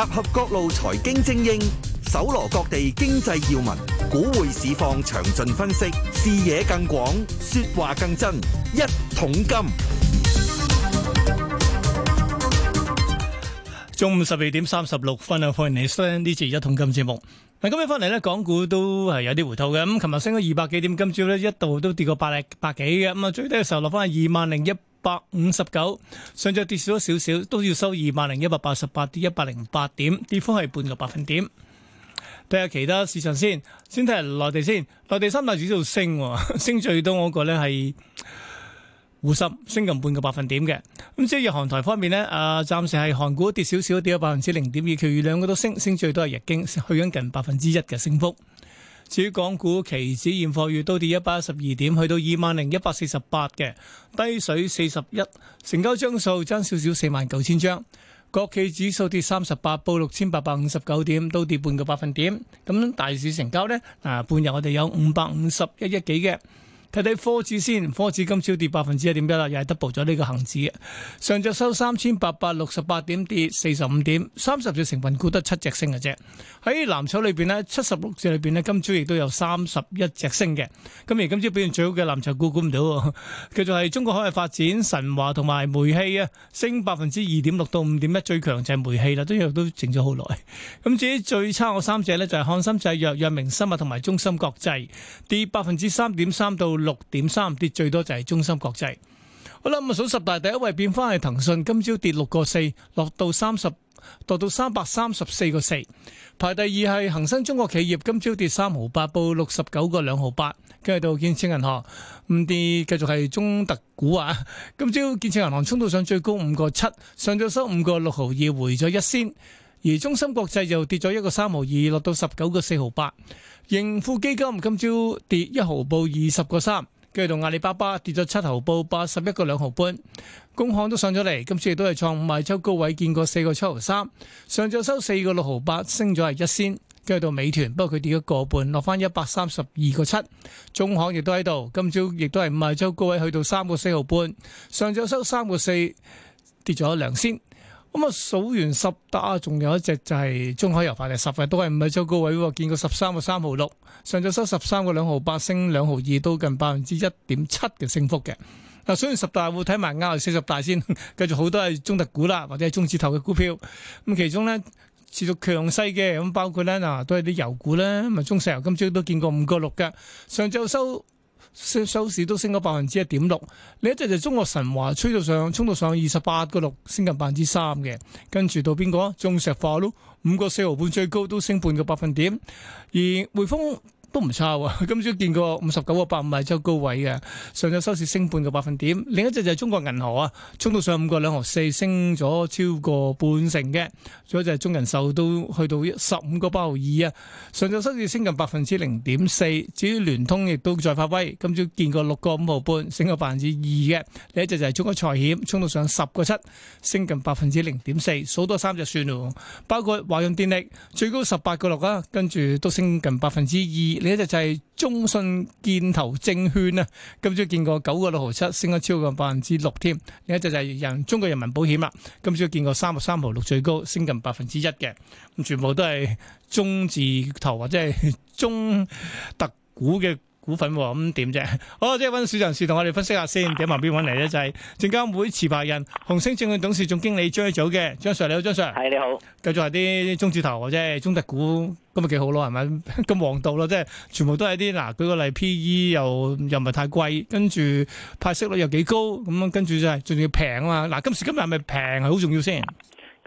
集合各路財經精英，搜羅各地經濟要聞，股匯市況詳盡分析，視野更廣，說話更真。一桶金。中午十二點三十六分啊，歡迎你收聽呢次一桶金節目。嗱，今日翻嚟咧，港股都係有啲回吐嘅。咁琴日升咗二百幾點，今朝咧一度都跌過百零百幾嘅。咁啊，最低嘅時候落翻二萬零一。百五十九，9, 上，再跌少少少，都要收二萬零一百八十八點，一百零八點，跌幅係半個百分點。睇下其他市場先，先睇下內地先，內地三大指數升， 升最多嗰個呢係滬深，升近半個百分點嘅。咁即係日韓台方面呢，啊，暫時係韓股跌少少，跌咗百分之零點二，其餘兩個都升，升最多係日經，去緊近百分之一嘅升幅。至於港股期指現貨月都跌一百一十二點，去到二萬零一百四十八嘅低水四十一，成交張數，增少少四萬九千張，國企指數跌三十八，報六千八百五十九點都跌半個百分點。咁大市成交呢，嗱半日我哋有五百五十一億幾嘅。睇睇科指先，科指今朝跌百分之一點一啦，又係 double 咗呢個恒指。上晝收三千八百六十八點，跌四十五點，三十隻成分股得七隻升嘅啫。喺藍籌裏邊呢，七十六隻裏邊呢，今朝亦都有三十一隻升嘅。咁而今朝表現最好嘅藍籌股估唔到喎，叫做係中國海外發展、神華同埋煤氣啊，升百分之二點六到五點一，最強就係煤氣啦。都又都靜咗好耐。咁至於最差嘅三隻呢，就係翰森製藥、藥明生物同埋中芯國際，跌百分之三點三到六點三，跌最多就係中芯國際。好啦，咁數十大第一位變翻係騰訊，今朝跌六個四，落到三十，落到三百三十四個四。排第二係恒生中國企業，今朝跌三毫八，報六十九個兩毫八。跟住到建設銀行，咁跌繼續係中特股啊，今朝建設銀行衝到上最高五個七，上晝收五個六毫二，回咗一仙。而中心國際就跌咗一個三毫二，落到十九個四毫八。盈富基金今朝跌一毫，報二十個三。跟住到阿里巴巴跌咗七毫，報八十一個兩毫半。工行都上咗嚟，今次亦都係創五賣週高位，見過四個七毫三。上晝收四個六毫八，升咗係一仙。跟住到美團，不過佢跌咗個半，落翻一百三十二個七。中行亦都喺度，今朝亦都係五賣週高位，去到三個四毫半。上晝收三個四，跌咗兩仙。咁啊，數完十大啊，仲有一隻就係中海油排第十日，都係唔係走高位喎，見過十三個三毫六，上晝收十三個兩毫八，升兩毫二，都近百分之一點七嘅升幅嘅。嗱，雖然十大會睇埋啱四十大先，繼續好多係中特股啦，或者係中字頭嘅股票。咁其中咧持續強勢嘅咁包括咧嗱都係啲油股啦，咪中石油，今朝都見過五個六嘅，上晝收。收市都升咗百分之一點六，呢一隻就中國神華，吹到上，衝到上二十八個六，升近百分之三嘅，跟住到邊個？中石化咯，五個四毫半，最高都升半個百分點，而匯豐。都唔差喎、啊，今朝見過五十九個百五係周高位嘅，上晝收市升半個百分點。另一隻就係中國銀行啊，衝到上五個兩毫四，升咗超過半成嘅。仲有就係中人壽都去到十五個八毫二啊，上晝收市升近百分之零點四。至於聯通亦都再發威，今朝見過六個五毫半，升個百分之二嘅。另一隻就係中國財險，衝到上十個七，升近百分之零點四，數多三隻就算咯。包括華潤電力最高十八個六啊，跟住都升近百分之二。另一隻就係中信建投證券啊，今朝見過九個六毫七，升咗超過百分之六添。另一隻就係人中國人民保險啦，今朝見過三十三毫六最高，升近百分之一嘅，咁全部都係中字頭或者係中特股嘅。股份咁點啫？嗯、 好，即係揾小常事同我哋分析下先。點啊？邊揾嚟咧？就係證監會持牌人、紅星證券董事總經理張益祖嘅張 Sir 你好，張 Sir，係你好。 繼續係啲中字頭嘅啫，中特股咁咪幾好咯？係咪咁黃道咯？即 係全部都係啲嗱，舉個例，PE 又又唔係太貴，跟住派息率又幾高，咁跟住就係、係、仲要平啊嘛。嗱，今時今日係咪平係好重要先？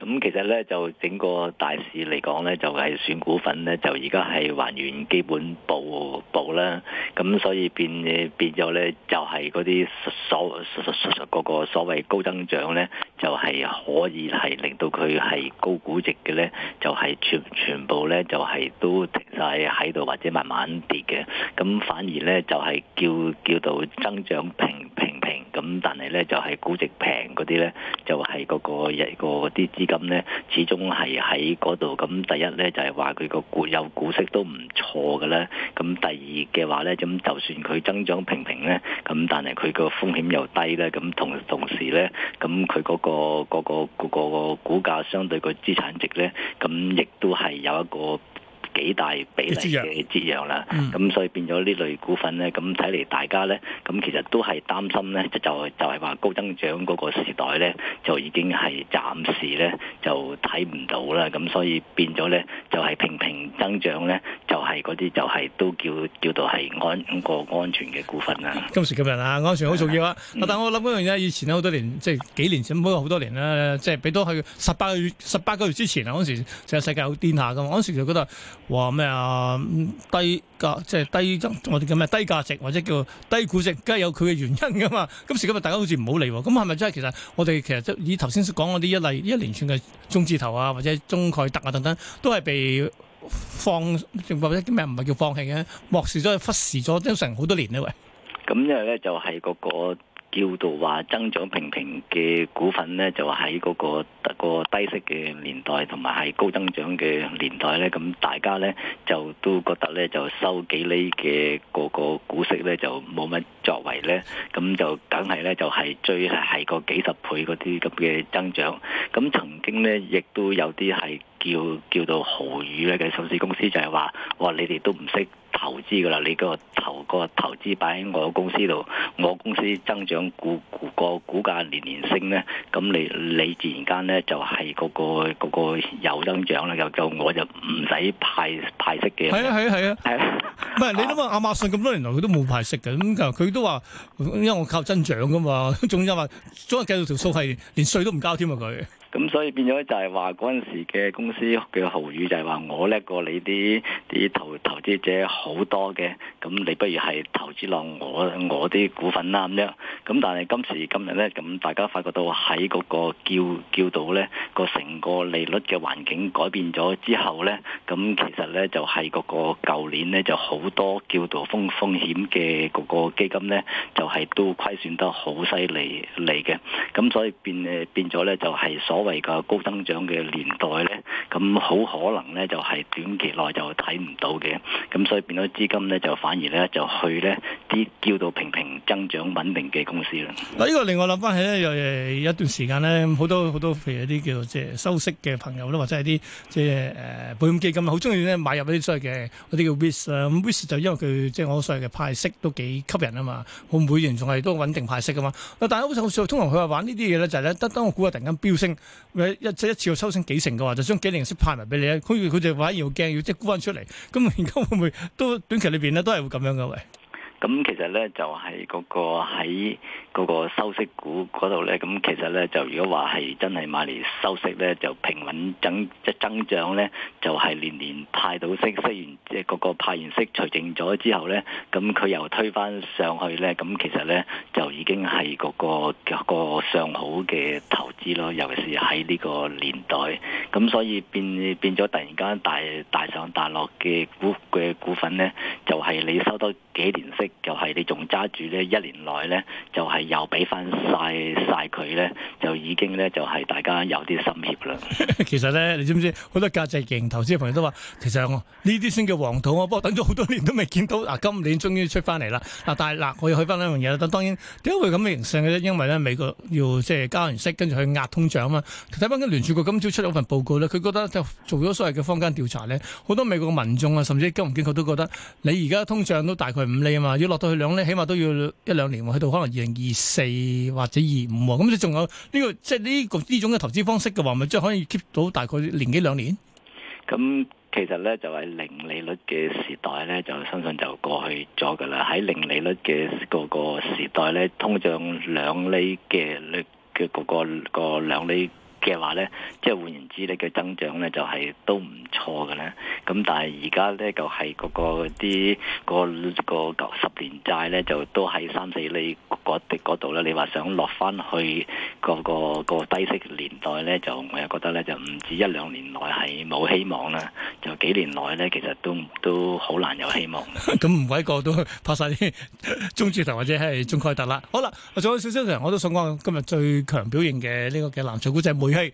咁其實咧就整個大市嚟講咧，就係選股份咧，就而家係還原基本步步啦。咁所以變變咗咧就係嗰啲所所所個個所，所，所，所謂高增長咧就係可以係令到佢係高估值嘅咧，就係全全部咧就係都停晒喺度或者慢慢跌嘅。咁反而咧就係叫叫到增長平平。平平咁，但係咧就係估值平嗰啲咧，就係、是、嗰個日個啲資金咧，始終係喺嗰度。咁第一咧就係話佢個股有股息都唔錯嘅咧。咁第二嘅話咧，咁就算佢增長平平咧，咁但係佢個風險又低咧，咁同同時咧，咁佢嗰個嗰、嗰個嗰、嗰個股價相對個資產值咧，咁亦都係有一個。幾大比例嘅折讓啦，咁、嗯、所以變咗呢類股份咧，咁睇嚟大家咧，咁其實都係擔心咧，就係、就係、係、話高增長嗰個時代咧，就已經係暫時咧就睇唔到啦，咁所以變咗咧就係平平增長咧，就係嗰啲就係都叫叫做係安個安全嘅股份啦。今時今日啊，安全好重要啊，嗯、但係我諗嗰樣嘢，以前好多年，即係幾年前，唔好話好多年啦，即係俾到去十八個月十八個月之前啊，嗰時成個世界好癲下噶嘛，嗰時就覺得。話咩啊？低價即係低，我哋叫咩低價值，或者叫低估值，梗係有佢嘅原因噶嘛？今時今日大家好似唔好嚟喎？咁係咪真係其實我哋其實以頭先講嗰啲一例一連串嘅中字頭啊，或者中概特啊等等，都係被放，或者啲咩唔係叫放棄嘅，漠視咗、忽視咗，都成好多年啦喂。咁一嚟咧就係嗰、嗰個。叫到話增長平平嘅股份呢，就喺嗰個個低息嘅年代，同埋係高增長嘅年代呢。咁大家呢，就都覺得呢，就收幾厘嘅個個股息呢，就冇乜作為呢。咁就梗係呢，就係最係個幾十倍嗰啲咁嘅增長。咁曾經呢，亦都有啲係叫叫做豪語呢嘅上市公司就，就係話，哇，你哋都唔識。投資噶啦，你個投個投資擺喺我公司度，我公司增長股股個股價年年升咧，咁你你自然間咧就係嗰、嗰個、嗰個有增長啦，又就我就唔使派派息嘅。係啊係啊係啊，啊，唔係、啊、 你諗下亞馬遜咁多年來佢都冇派息嘅，咁佢佢都話因為我靠增長噶嘛，仲有話總係計到條數係連稅都唔交添啊佢。咁所以變咗就係話嗰陣時嘅公司嘅豪語就係話我叻過你啲啲投投資者好多嘅，咁你不如係投資落我我啲股份啦咁樣。咁但係今時今日呢，咁大家發覺到喺嗰個叫叫到呢個成個利率嘅環境改變咗之後呢，咁其實呢就係嗰個舊年呢就好多叫到風風險嘅嗰個基金呢，就係都虧損得好犀利嚟嘅。咁所以變誒變咗呢就係所為嘅高增長嘅年代咧，咁好可能咧就係短期內就睇唔到嘅，咁所以變咗資金咧就反而咧就去咧啲叫做平平增長穩定嘅公司啦。嗱，呢個另外諗翻起咧，有誒一段時間咧，好多好多譬如一啲叫即係收息嘅朋友咧，或者係啲即係誒保險基金啦，好中意咧買入呢啲所謂嘅嗰啲叫 wis 啦，咁 wis 就因為佢即係我所謂嘅派息都幾吸引啊嘛，個會員仲係都穩定派息啊嘛。但係好少通常佢話玩呢啲嘢咧，就咧得當我估啊，突然間飆升。咪一即一次要抽成幾成嘅話，就將幾零息派埋俾你啊！好，佢哋話要又驚要即沽翻出嚟，咁而家會唔會都短期裏邊咧都係會咁樣嘅喂？咁其實呢，就係嗰個喺嗰個收息股嗰度呢。咁其實呢，就如果話係真係買嚟收息呢，就平穩增即增，增長呢，就係年年派到息，雖然即係嗰個派完息除淨咗之後呢，咁佢又推返上去呢。咁其實呢，就已經係嗰、嗰個、嗰個上好嘅投資咯，尤其是喺呢個年代，咁所以變變咗突然間大大上大落嘅股嘅股份呢，就係、係、你收多幾年息。就係你仲揸住呢一年內呢，就係又俾翻晒曬佢呢，就已經呢，就係大家有啲心怯啦。其實呢，你知唔知好多價值型投資嘅朋友都話，其實呢啲先叫黃土啊！不過等咗好多年都未見到，嗱、啊、今年終於出翻嚟啦。嗱、啊，但係嗱、啊，我要去翻兩樣嘢啦。咁當然點解會咁嘅形勢嘅咧？因為呢，美國要即係加完息，跟住去壓通脹啊嘛。睇翻緊聯儲局今朝出咗份報告呢，佢覺得就做咗所謂嘅坊間調查呢，好多美國嘅民眾啊，甚至經唔經過都覺得你而家通脹都大概五厘啊嘛。你落到去兩咧，起碼都要一兩年喎，去到可能二零二四或者二五喎，咁你仲有呢個即係呢個呢種嘅投資方式嘅話，咪即係可以 keep 到大概年幾兩年？咁其實咧就係零利率嘅時代咧，就相信就過去咗噶啦。喺零利率嘅嗰個時代咧，通脹兩釐嘅率嘅嗰個個兩釐。嘅話咧，即係換言之你嘅增長咧就係都唔錯嘅咧。咁但係而家咧就係嗰個啲個個十年債咧，就都喺三四釐嗰度咧。你話想落翻去嗰個個低息年代咧，就我又覺得咧就唔止一兩年內係冇希望啦。就幾年內咧，其實都都好難有希望。咁唔鬼過都拍晒啲中字頭或者係中概特啦。好啦，仲有少少嘅，我都想講今日最強表現嘅呢個嘅藍籌股就係每係，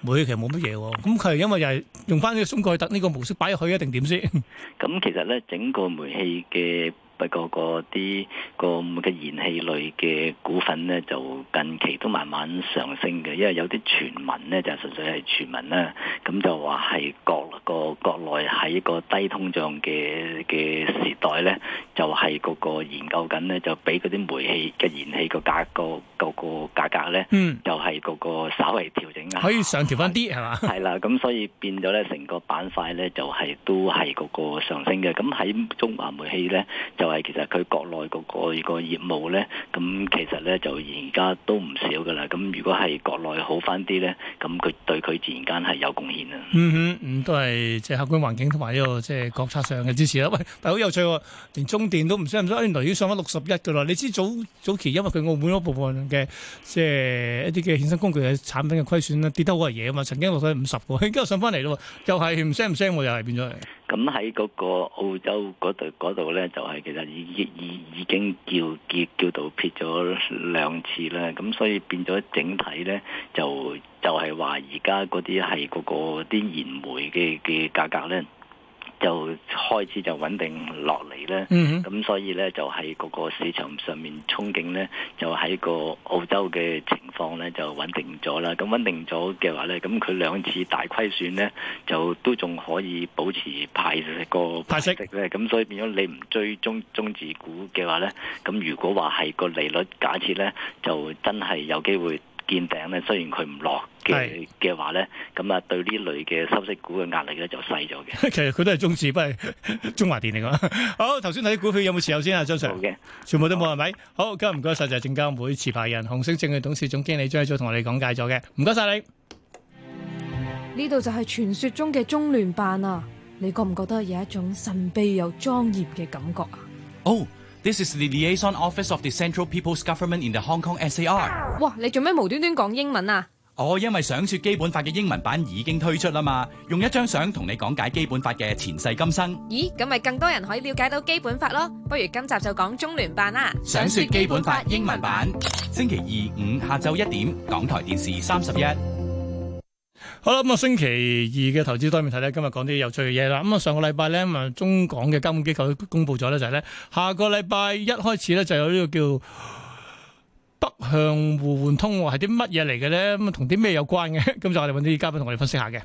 煤氣其實冇乜嘢，咁佢係因為又係用翻呢個松蓋特呢個模式擺入去一定點先？咁其實咧，整個煤氣嘅不過個啲個嘅燃氣類嘅股份咧，就近期都慢慢上升嘅，因為有啲傳聞咧，就純粹係傳聞啦。咁就話係國個國內喺一個低通脹嘅嘅時代咧，就係、是、嗰個研究緊咧，就俾嗰啲煤氣嘅燃氣個價個個價格咧。嗯係嗰個稍為調整啊，可以上調翻啲係嘛？係啦，咁所以變咗咧，成個板塊咧就係都係嗰個上升嘅。咁喺中華煤氣咧，就係其實佢國內嗰個個業務咧，咁其實咧就而家都唔少噶啦。咁如果係國內好翻啲咧，咁佢對佢自然間係有貢獻啊。嗯哼，嗯都係即係客觀環境同埋呢個即係國策上嘅支持啦。喂，但係好有趣喎，連中電都唔使唔使，原來已經上咗六十一噶啦。你知早早期因為佢澳門嗰部分嘅即係一啲嘅。健身工具嘅產品嘅虧損咧跌得好嘅嘢啊嘛，曾經落咗去五十個，跟住上翻嚟咯，又係唔聲唔聲喎，又係變咗嚟。咁喺嗰個澳洲嗰度嗰度咧，就係、是、其實已已已經叫叫叫到撇咗兩次啦。咁所以變咗整體咧，就就係話而家嗰啲係嗰個啲燃煤嘅嘅價格咧。就開始就穩定落嚟咧，咁、嗯、哼所以咧就喺、是、個市場上面憧憬咧，就喺個澳洲嘅情況咧就穩定咗啦。咁穩定咗嘅話咧，咁佢兩次大虧損咧，就都仲可以保持派個派息值咧。咁所以變咗你唔追中中字股嘅話咧，咁如果話係個利率假設咧，就真係有機會見頂咧。雖然佢唔落。係嘅話咧，咁啊，對呢類嘅收息股嘅壓力咧就細咗嘅。其實佢都係中市，不係中華電嚟噶。好，頭先睇股票有冇持有先啊，張 Sir。好嘅，全部都冇係咪？好，今日唔該晒，就係證監會持牌人、紅色證券董事總經理張益祖同我哋講解咗嘅。唔該晒你。呢度就係傳說中嘅中聯辦啊！你覺唔覺得有一種神秘又莊嚴嘅感覺啊？Oh, this is the liaison office of the Central People's Government in the Hong Kong SAR。哇！你做咩無端端講英文啊？我因為《想說基本法》嘅英文版已經推出啦嘛，用一張相同你講解基本法嘅前世今生。咦，咁咪更多人可以了解到基本法咯？不如今集就講中聯辦啦。《想說基本法》英文版，星期二五下晝一點，港台電視三十一。好啦，咁啊，星期二嘅投資多面睇呢，今日講啲有趣嘅嘢啦。咁啊，上個禮拜呢，啊中港嘅監管機構都公布咗呢，就係呢下個禮拜一開始呢就有呢個叫。北向互換通係啲乜嘢嚟嘅咧？咁同啲咩有關嘅？ 今集我哋搵啲嘉賓同我哋分析下嘅。